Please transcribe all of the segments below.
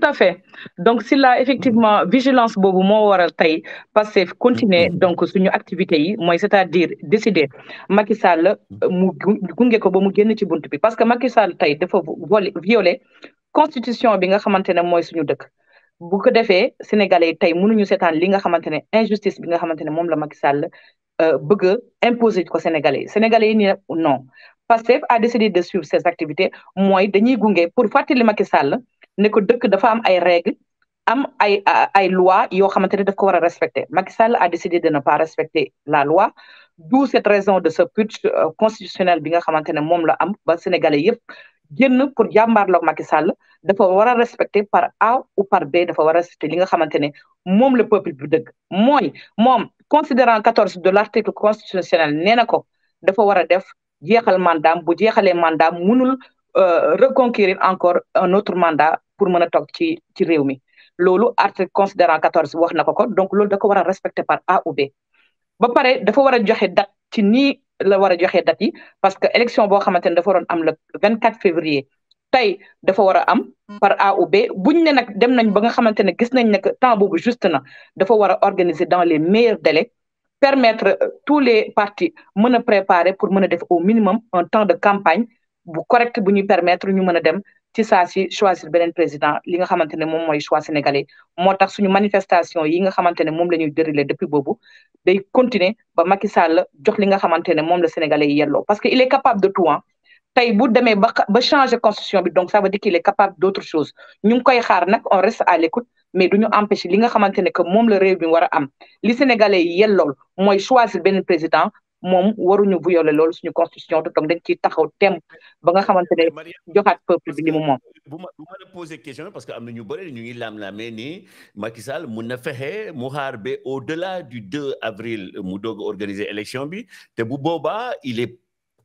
tout à fait donc si là, effectivement vigilance bobo, moo waral tey Pastef continuer mm-hmm. donc suñu activités moi c'est-à-dire décider Macky Sall mu comme ko ba mu génn ci buntu bi parce que Macky Sall tay dafa violer constitution bi nga xamantene moy suñu dëkk bu ko sénégalais tay mënuñu seetaan li nga xamantene injustice bi nga xamantene mom la Macky Sall euh, bëgg imposer ko sénégalais sénégalais ni non PASSEF a décidé de suivre ses activités Moi, dañuy Gungé, pour fatiguer Macky Sall ne ko dëkk dafa am ay règles am ay ay loi yoo xamantene daf ko war a respecter Macky Sall a décidé de ne pas respecter la loi d'où cette raison de ce putsch euh, constitutionnel bi nga xamantene ne moom la am ba sénégalais yëpp génn pour jàmbaarloog Macky Sall dafa war a respecter par A ou par B dafa war a respecter li nga xamantene ne moom le peuple bi dëgg mooy moom considérant quatorze de l'article constitutionnel nee na ko dafa war a def jeexal mandat bu jeexalee mandat mënul euh, reconquérir encore un autre mandat pour mën a toog ci ci réew mi article considérant 14 wax na ko donc loolu da ko wara respecter par A ou B ba pare dafa war a joxe date ci ni la wara joxe date yi parce que élection bo xamantene ne dafa waroon am le 24 février tay dafa war am par A ou B buñ ne nag dem nañ ba nga xamantene gis nañ nak temps boobu juste na dafa war organiser dans les meilleurs délais permettre euh, tous les partis mën préparer pour mën def au minimum un temps de campagne bu correct bu permettre ñu mën dem ci saa si choisir benen président li nga xamantene mom moy choix sénégalais motax suñu manifestation yi nga xamantene mom lañuy la depuis bobu day continuer ba Macky Sall jox li nga xamantene mom la sénégalais yello parce que il est capable de tout hein. tay bu démé ba ba changer constitution bi donc ça veut dire qu'il est capable d'autre chose ñu koy xaar nak on reste à l'écoute mais duñu empêcher li nga xamantene que mom la réew bi wara am li sénégalais yello moy choisir benen président mom waruñu bu violer loolu suñu constitution te dañ ci taxaw tem ba nga xamantene joxat peuple bi li mom moom. bu ma bu ma la poser question parce que amna ñu bëri ñu ngi lam lamé ni Macky Sall mu na fexé mu xaar ba au delà du 2 avril mu dog organiser élection bi té bu boba il est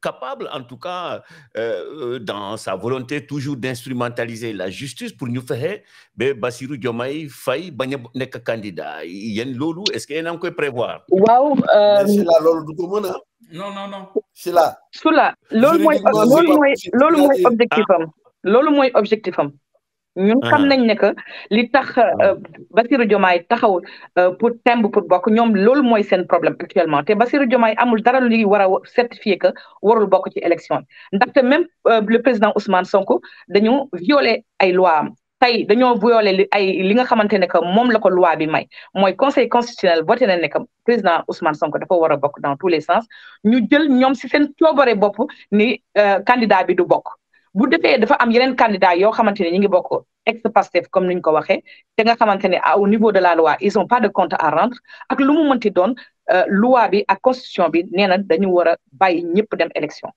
capable, en tout cas, euh, euh, dans sa volonté toujours d'instrumentaliser la justice pour nous faire, ben, Basirou Diomaye faillit être candidat. Il y a lolu, est-ce qu'il y a un prévoir Waouh C'est la lolu du commun, hein Non, non, non. C'est là. C'est là. Lolu, moi, objectif. Ah. Lolu, moi, objectif ñun xam uh-huh. nañ ne que li tax euh, uh-huh. Bassirou Diomaye taxaw euh, pour temb pour bokk ñoom loolu mooy seen problème actuellement te Bassirou Diomaye amul dara lu war a certifier que warul bokk ci élection yi ndaxte même euh, le président Ousmane Sonko dañu violer ay loi am tey dañoo violé li ay li nga xamante ne que moom la ko loi bi may mooy conseil constitutionnel voté na ne que président Ousmane Sonko dafa war a bokk dans tous les sens ñu jël ñoom si seen coobare bopp ni candidat bi du bokk bu défé dafa am yeneen candidat yo xamante ñi ngi bokk ex Pastef comme niñ ko waxé té nga xamante au niveau de la loi ils ont pas de compte à rendre ak lu mu mënti doon euh, loi bi ak constitution bi néna dañu wara bay ñëpp dem élection